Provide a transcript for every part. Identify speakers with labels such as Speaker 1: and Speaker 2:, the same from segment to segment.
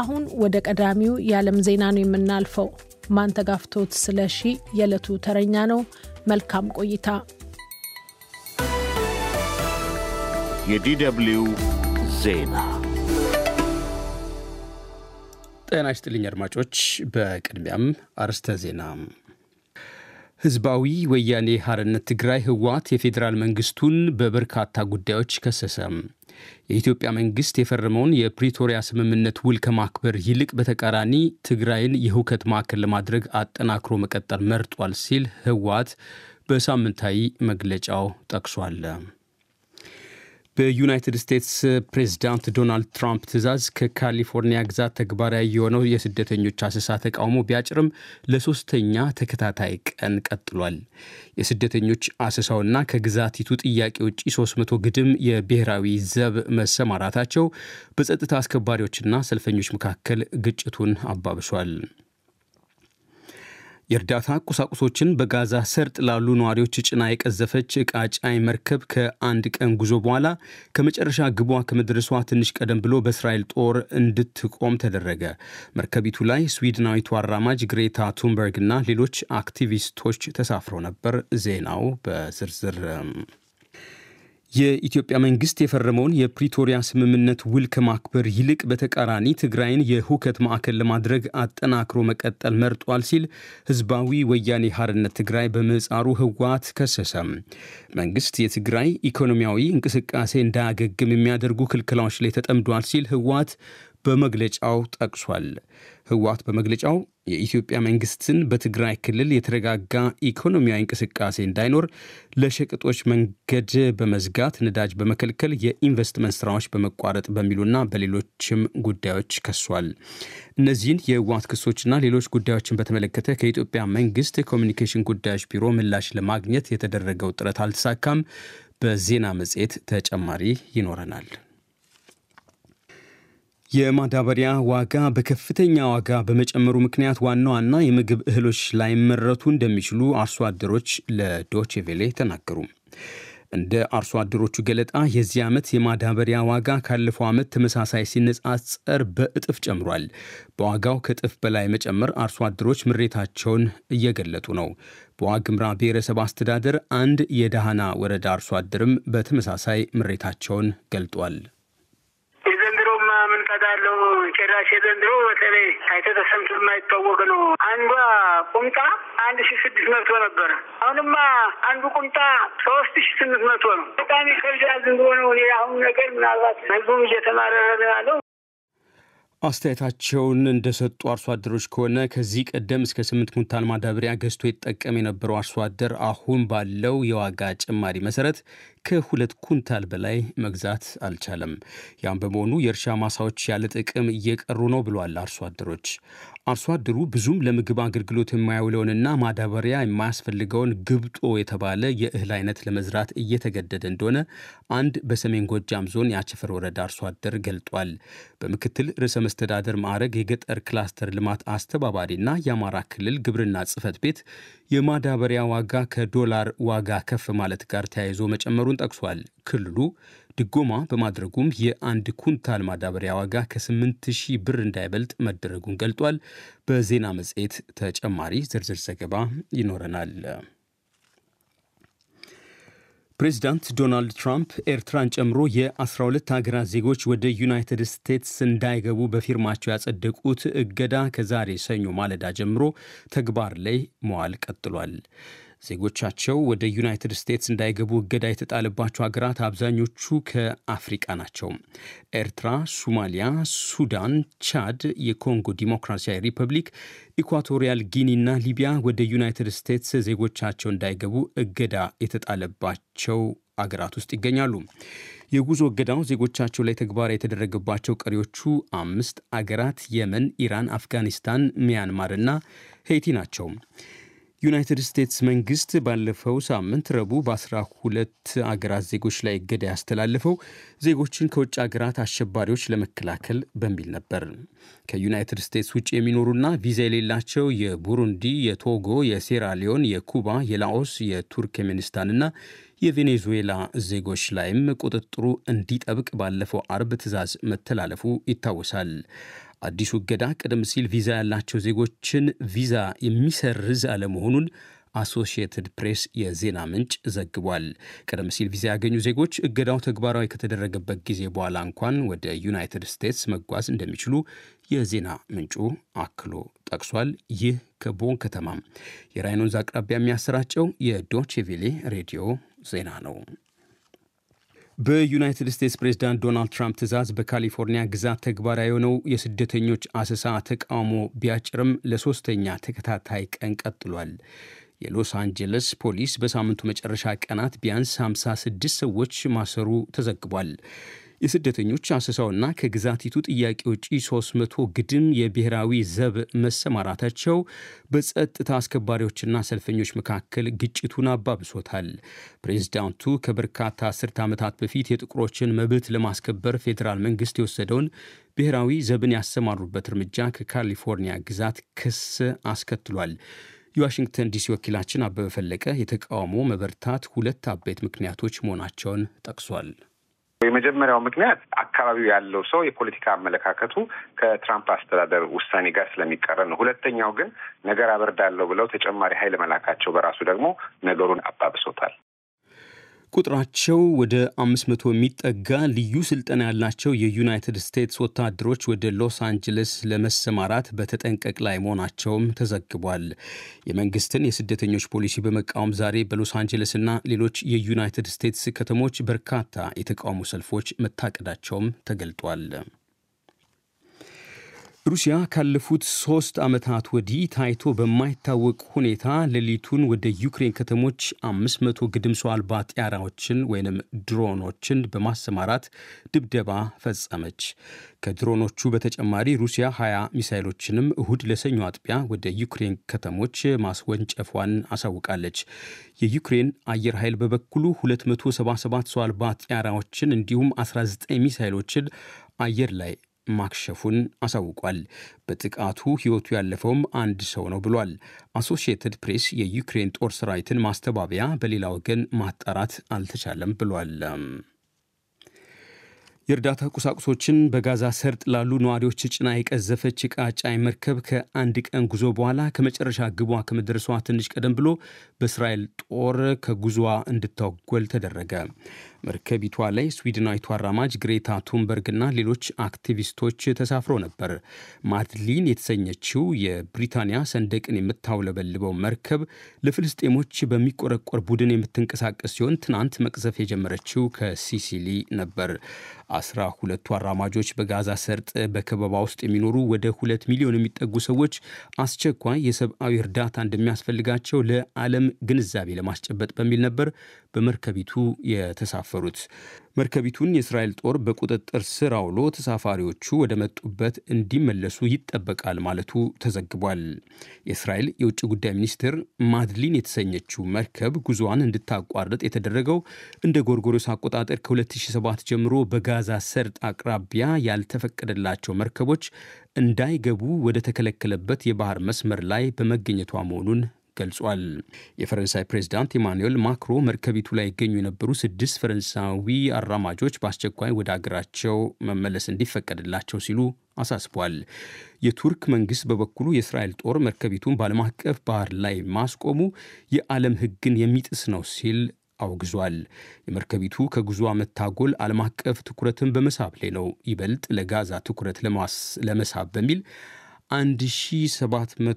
Speaker 1: አሁን ወደ ቀዳሚው የዓለም ዜና ነው የምናልፈው። ማንተጋፍቶት ስለሺ የዕለቱ ተረኛ ነው። መልካም ቆይታ። የዲደብልዩ ዜና ጤና ይስጥልኝ አድማጮች። በቅድሚያም አርስተ ዜና ህዝባዊ ወያኔ ሐርነት ትግራይ ህወሓት የፌዴራል መንግስቱን በበርካታ ጉዳዮች ከሰሰም። የኢትዮጵያ መንግስት የፈረመውን የፕሪቶሪያ ስምምነት ውል ከማክበር ይልቅ በተቃራኒ ትግራይን የህውከት ማዕከል ለማድረግ አጠናክሮ መቀጠል መርጧል ሲል ህወሓት በሳምንታዊ መግለጫው ጠቅሷል። በዩናይትድ ስቴትስ ፕሬዝዳንት ዶናልድ ትራምፕ ትዕዛዝ ከካሊፎርኒያ ግዛት ተግባራዊ የሆነው የስደተኞች አሰሳ ተቃውሞ ቢያጭርም ለሶስተኛ ተከታታይ ቀን ቀጥሏል። የስደተኞች አሰሳውና ከግዛቲቱ ጥያቄ ውጭ 300 ግድም የብሔራዊ ዘብ መሰማራታቸው በጸጥታ አስከባሪዎችና ሰልፈኞች መካከል ግጭቱን አባብሷል። የእርዳታ ቁሳቁሶችን በጋዛ ሰርጥ ላሉ ነዋሪዎች ጭና የቀዘፈች ዕቃ ጫኝ መርከብ ከአንድ ቀን ጉዞ በኋላ ከመጨረሻ ግቧ ከመድረሷ ትንሽ ቀደም ብሎ በእስራኤል ጦር እንድትቆም ተደረገ። መርከቢቱ ላይ ስዊድናዊቱ አራማጅ ግሬታ ቱንበርግ እና ሌሎች አክቲቪስቶች ተሳፍረው ነበር። ዜናው በዝርዝር የኢትዮጵያ መንግስት የፈረመውን የፕሪቶሪያ ስምምነት ውል ከማክበር ይልቅ በተቃራኒ ትግራይን የሁከት ማዕከል ለማድረግ አጠናክሮ መቀጠል መርጧል ሲል ህዝባዊ ወያኔ ሀርነት ትግራይ በምህጻሩ ህወሓት ከሰሰም። መንግስት የትግራይ ኢኮኖሚያዊ እንቅስቃሴ እንዳያገግም የሚያደርጉ ክልክላዎች ላይ ተጠምዷል ሲል ህወሓት በመግለጫው ጠቅሷል። ህወሓት በመግለጫው የኢትዮጵያ መንግስትን በትግራይ ክልል የተረጋጋ ኢኮኖሚያዊ እንቅስቃሴ እንዳይኖር ለሸቀጦች መንገድ በመዝጋት ነዳጅ በመከልከል የኢንቨስትመንት ስራዎች በመቋረጥ በሚሉና በሌሎችም ጉዳዮች ከሷል። እነዚህን የህወሓት ክሶችና ሌሎች ጉዳዮችን በተመለከተ ከኢትዮጵያ መንግስት የኮሚኒኬሽን ጉዳዮች ቢሮ ምላሽ ለማግኘት የተደረገው ጥረት አልተሳካም። በዜና መጽሔት ተጨማሪ ይኖረናል። የማዳበሪያ ዋጋ በከፍተኛ ዋጋ በመጨመሩ ምክንያት ዋና ዋና የምግብ እህሎች ላይመረቱ እንደሚችሉ አርሶ አደሮች ለዶችቬሌ ተናገሩ። እንደ አርሶ አደሮቹ ገለጣ የዚህ ዓመት የማዳበሪያ ዋጋ ካለፈው ዓመት ተመሳሳይ ሲነጻጸር በእጥፍ ጨምሯል። በዋጋው ከእጥፍ በላይ መጨመር አርሶ አደሮች ምሬታቸውን እየገለጡ ነው። በዋግምራ ብሔረሰብ አስተዳደር አንድ የዳህና ወረዳ አርሶ አደርም በተመሳሳይ ምሬታቸውን ገልጧል። ቀዳለው ጭራሽ ዘንድሮ በተለይ ታይቶ ተሰምቶ የማይታወቅ ነው። አንዷ ቁምጣ አንድ ሺ ስድስት መቶ ነበረ። አሁንማ አንዱ ቁምጣ ሶስት ሺ ስምንት መቶ ነው። በጣም ይከብዳል። ዝም ብሎ ነው የአሁኑ ነገር። ምናልባት ህዝቡም እየተማረረ ያለው አስተያየታቸውን እንደሰጡ አርሶ አደሮች ከሆነ ከዚህ ቀደም እስከ ስምንት ኩንታል ማዳበሪያ ገዝቶ ይጠቀም የነበረው አርሶ አደር አሁን ባለው የዋጋ ጭማሪ መሰረት ከሁለት ኩንታል በላይ መግዛት አልቻለም። ያም በመሆኑ የእርሻ ማሳዎች ያለ ጥቅም እየቀሩ ነው ብሏል አርሶ አደሮች። አርሶ አደሩ ብዙም ለምግብ አገልግሎት የማያውለውንና ማዳበሪያ የማያስፈልገውን ግብጦ የተባለ የእህል አይነት ለመዝራት እየተገደደ እንደሆነ አንድ በሰሜን ጎጃም ዞን የአቸፈር ወረዳ አርሶ አደር ገልጧል። በምክትል ርዕሰ መስተዳደር ማዕረግ የገጠር ክላስተር ልማት አስተባባሪና የአማራ ክልል ግብርና ጽህፈት ቤት የማዳበሪያ ዋጋ ከዶላር ዋጋ ከፍ ማለት ጋር ተያይዞ መጨመሩ መጨመሩን ጠቅሷል። ክልሉ ድጎማ በማድረጉም የአንድ ኩንታል ማዳበሪያ ዋጋ ከ8000 ብር እንዳይበልጥ መደረጉን ገልጧል። በዜና መጽሔት ተጨማሪ ዝርዝር ዘገባ ይኖረናል። ፕሬዚዳንት ዶናልድ ትራምፕ ኤርትራን ጨምሮ የ12 ሀገራት ዜጎች ወደ ዩናይትድ ስቴትስ እንዳይገቡ በፊርማቸው ያጸደቁት እገዳ ከዛሬ ሰኞ ማለዳ ጀምሮ ተግባር ላይ መዋል ቀጥሏል። ዜጎቻቸው ወደ ዩናይትድ ስቴትስ እንዳይገቡ እገዳ የተጣለባቸው ሀገራት አብዛኞቹ ከአፍሪቃ ናቸው። ኤርትራ፣ ሱማሊያ፣ ሱዳን፣ ቻድ፣ የኮንጎ ዲሞክራሲያዊ ሪፐብሊክ፣ ኢኳቶሪያል እና ሊቢያ ወደ ዩናይትድ ስቴትስ ዜጎቻቸው እንዳይገቡ እገዳ የተጣለባቸው አገራት ውስጥ ይገኛሉ። የጉዞ እገዳው ዜጎቻቸው ላይ ተግባራዊ የተደረገባቸው ቀሪዎቹ አምስት አገራት የመን፣ ኢራን፣ አፍጋኒስታን፣ ሚያንማር እና ሄይቲ ናቸው። ዩናይትድ ስቴትስ መንግስት ባለፈው ሳምንት ረቡ በአስራ ሁለት አገራት ዜጎች ላይ እገዳ ያስተላለፈው ዜጎችን ከውጭ አገራት አሸባሪዎች ለመከላከል በሚል ነበር። ከዩናይትድ ስቴትስ ውጭ የሚኖሩና ቪዛ የሌላቸው የቡሩንዲ፣ የቶጎ፣ የሴራሊዮን፣ የኩባ፣ የላኦስ፣ የቱርክሜኒስታንና የቬኔዙዌላ ዜጎች ላይም ቁጥጥሩ እንዲጠብቅ ባለፈው አርብ ትዕዛዝ መተላለፉ ይታወሳል። አዲሱ እገዳ ቀደም ሲል ቪዛ ያላቸው ዜጎችን ቪዛ የሚሰርዝ አለመሆኑን አሶሺየትድ ፕሬስ የዜና ምንጭ ዘግቧል። ቀደም ሲል ቪዛ ያገኙ ዜጎች እገዳው ተግባራዊ ከተደረገበት ጊዜ በኋላ እንኳን ወደ ዩናይትድ ስቴትስ መጓዝ እንደሚችሉ የዜና ምንጩ አክሎ ጠቅሷል። ይህ ከቦን ከተማም የራይን ወንዝ አቅራቢያ የሚያሰራጨው የዶቼ ሬዲዮ ዜና ነው። በዩናይትድ ስቴትስ ፕሬዝዳንት ዶናልድ ትራምፕ ትዕዛዝ በካሊፎርኒያ ግዛት ተግባራዊ የሆነው የስደተኞች አሰሳ ተቃውሞ ቢያጭርም ለሶስተኛ ተከታታይ ቀን ቀጥሏል። የሎስ አንጀለስ ፖሊስ በሳምንቱ መጨረሻ ቀናት ቢያንስ 56 ሰዎች ማሰሩ ተዘግቧል። የስደተኞች አሰሳውና ከግዛቲቱ ጥያቄ ውጪ 300 ግድም የብሔራዊ ዘብ መሰማራታቸው በጸጥታ አስከባሪዎችና ሰልፈኞች መካከል ግጭቱን አባብሶታል። ፕሬዚዳንቱ ከበርካታ አስርት ዓመታት በፊት የጥቁሮችን መብት ለማስከበር ፌዴራል መንግስት የወሰደውን ብሔራዊ ዘብን ያሰማሩበት እርምጃ ከካሊፎርኒያ ግዛት ክስ አስከትሏል። የዋሽንግተን ዲሲ ወኪላችን አበበ ፈለቀ የተቃውሞ መበርታት ሁለት አበይት ምክንያቶች መሆናቸውን ጠቅሷል። የመጀመሪያው ምክንያት አካባቢው ያለው ሰው የፖለቲካ አመለካከቱ ከትራምፕ አስተዳደር ውሳኔ ጋር ስለሚቀረ ነው። ሁለተኛው ግን ነገር አበርዳለሁ ብለው ተጨማሪ ኃይል መላካቸው በራሱ ደግሞ ነገሩን አባብሶታል። ቁጥራቸው ወደ 500 የሚጠጋ ልዩ ስልጠና ያላቸው የዩናይትድ ስቴትስ ወታደሮች ወደ ሎስ አንጀለስ ለመሰማራት በተጠንቀቅ ላይ መሆናቸውም ተዘግቧል። የመንግስትን የስደተኞች ፖሊሲ በመቃወም ዛሬ በሎስ እና ሌሎች የዩናይትድ ስቴትስ ከተሞች በርካታ የተቃውሞ ሰልፎች መታቀዳቸውም ተገልጧል። ሩሲያ ካለፉት ሶስት ዓመታት ወዲህ ታይቶ በማይታወቅ ሁኔታ ሌሊቱን ወደ ዩክሬን ከተሞች 500 ግድም ሰው አልባ ጥያራዎችን ድሮኖችን በማሰማራት ድብደባ ፈጸመች። ከድሮኖቹ በተጨማሪ ሩሲያ 20 ሚሳይሎችንም እሁድ ለሰኞ አጥቢያ ወደ ዩክሬን ከተሞች ማስወንጨፏን አሳውቃለች። የዩክሬን አየር ኃይል በበኩሉ 277 ሰው አልባ ጥያራዎችን እንዲሁም 19 ሚሳይሎችን አየር ላይ ማክሸፉን አሳውቋል። በጥቃቱ ሕይወቱ ያለፈውም አንድ ሰው ነው ብሏል። አሶሺየትድ ፕሬስ የዩክሬን ጦር ሰራዊትን ማስተባበያ በሌላ ወገን ማጣራት አልተቻለም ብሏል። የእርዳታ ቁሳቁሶችን በጋዛ ሰርጥ ላሉ ነዋሪዎች ጭና የቀዘፈች ዕቃ ጫኝ መርከብ ከአንድ ቀን ጉዞ በኋላ ከመጨረሻ ግቧ ከመድረሷ ትንሽ ቀደም ብሎ በእስራኤል ጦር ከጉዞዋ እንድታጎል ተደረገ። መርከቢቷ ላይ ስዊድናዊቷ አራማጅ ግሬታ ቱንበርግና ሌሎች አክቲቪስቶች ተሳፍሮ ነበር። ማድሊን የተሰኘችው የብሪታንያ ሰንደቅን የምታውለበልበው መርከብ ለፍልስጤሞች በሚቆረቆር ቡድን የምትንቀሳቀስ ሲሆን ትናንት መቅዘፍ የጀመረችው ከሲሲሊ ነበር። አስራ ሁለቱ አራማጆች በጋዛ ሰርጥ በከበባ ውስጥ የሚኖሩ ወደ ሁለት ሚሊዮን የሚጠጉ ሰዎች አስቸኳይ የሰብአዊ እርዳታ እንደሚያስፈልጋቸው ለዓለም ግንዛቤ ለማስጨበጥ በሚል ነበር በመርከቢቱ የተሳፈሩት። መርከቢቱን የእስራኤል ጦር በቁጥጥር ስር አውሎ ተሳፋሪዎቹ ወደ መጡበት እንዲመለሱ ይጠበቃል ማለቱ ተዘግቧል። የእስራኤል የውጭ ጉዳይ ሚኒስትር ማድሊን የተሰኘችው መርከብ ጉዞዋን እንድታቋርጥ የተደረገው እንደ ጎርጎሮስ አቆጣጠር ከ2007 ጀምሮ በጋዛ ሰርጥ አቅራቢያ ያልተፈቀደላቸው መርከቦች እንዳይገቡ ወደ ተከለከለበት የባህር መስመር ላይ በመገኘቷ መሆኑን ገልጿል። የፈረንሳይ ፕሬዚዳንት ኢማኑኤል ማክሮ መርከቢቱ ላይ ይገኙ የነበሩ ስድስት ፈረንሳዊ አራማጆች በአስቸኳይ ወደ አገራቸው መመለስ እንዲፈቀድላቸው ሲሉ አሳስቧል። የቱርክ መንግስት በበኩሉ የእስራኤል ጦር መርከቢቱን በዓለም አቀፍ ባህር ላይ ማስቆሙ የዓለም ሕግን የሚጥስ ነው ሲል አውግዟል። የመርከቢቱ ከጉዞ መታጎል ዓለም አቀፍ ትኩረትን በመሳብ ላይ ነው፣ ይበልጥ ለጋዛ ትኩረት ለመሳብ በሚል 1700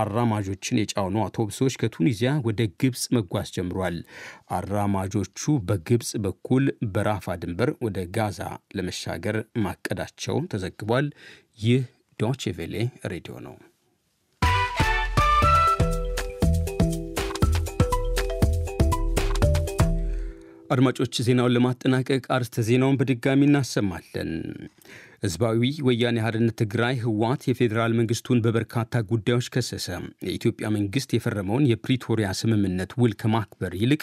Speaker 1: አራማጆችን የጫኑ አውቶቡሶች ከቱኒዚያ ወደ ግብፅ መጓዝ ጀምሯል። አራማጆቹ በግብፅ በኩል በራፋ ድንበር ወደ ጋዛ ለመሻገር ማቀዳቸው ተዘግቧል። ይህ ዶች ቬሌ ሬዲዮ ነው። አድማጮች ዜናውን ለማጠናቀቅ አርስተ ዜናውን በድጋሚ እናሰማለን። ህዝባዊ ወያኔ ሓርነት ትግራይ ህወሓት የፌዴራል መንግስቱን በበርካታ ጉዳዮች ከሰሰ። የኢትዮጵያ መንግስት የፈረመውን የፕሪቶሪያ ስምምነት ውል ከማክበር ይልቅ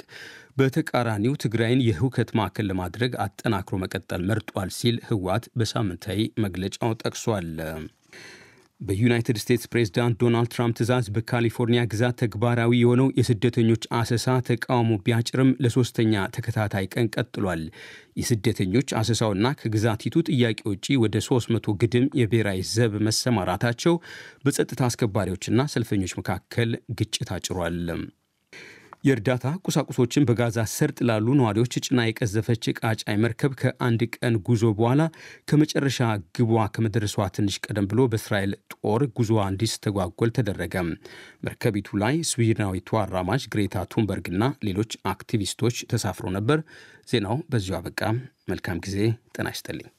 Speaker 1: በተቃራኒው ትግራይን የህውከት ማዕከል ለማድረግ አጠናክሮ መቀጠል መርጧል ሲል ህወሓት በሳምንታዊ መግለጫው ጠቅሷል። በዩናይትድ ስቴትስ ፕሬዝዳንት ዶናልድ ትራምፕ ትዕዛዝ በካሊፎርኒያ ግዛት ተግባራዊ የሆነው የስደተኞች አሰሳ ተቃውሞ ቢያጭርም ለሶስተኛ ተከታታይ ቀን ቀጥሏል። የስደተኞች አሰሳውና ከግዛቲቱ ጥያቄ ውጪ ወደ 300 ግድም የብሔራዊ ዘብ መሰማራታቸው በጸጥታ አስከባሪዎችና ሰልፈኞች መካከል ግጭት አጭሯል። የእርዳታ ቁሳቁሶችን በጋዛ ሰርጥ ላሉ ነዋሪዎች ጭና የቀዘፈች ቃጫይ መርከብ ከአንድ ቀን ጉዞ በኋላ ከመጨረሻ ግቧ ከመድረሷ ትንሽ ቀደም ብሎ በእስራኤል ጦር ጉዞዋ እንዲስተጓጎል ተደረገ። መርከቢቱ ላይ ስዊድናዊቷ አራማጅ ግሬታ ቱንበርግና ሌሎች አክቲቪስቶች ተሳፍሮ ነበር። ዜናው በዚሁ አበቃ። መልካም ጊዜ። ጤና ይስጥልኝ።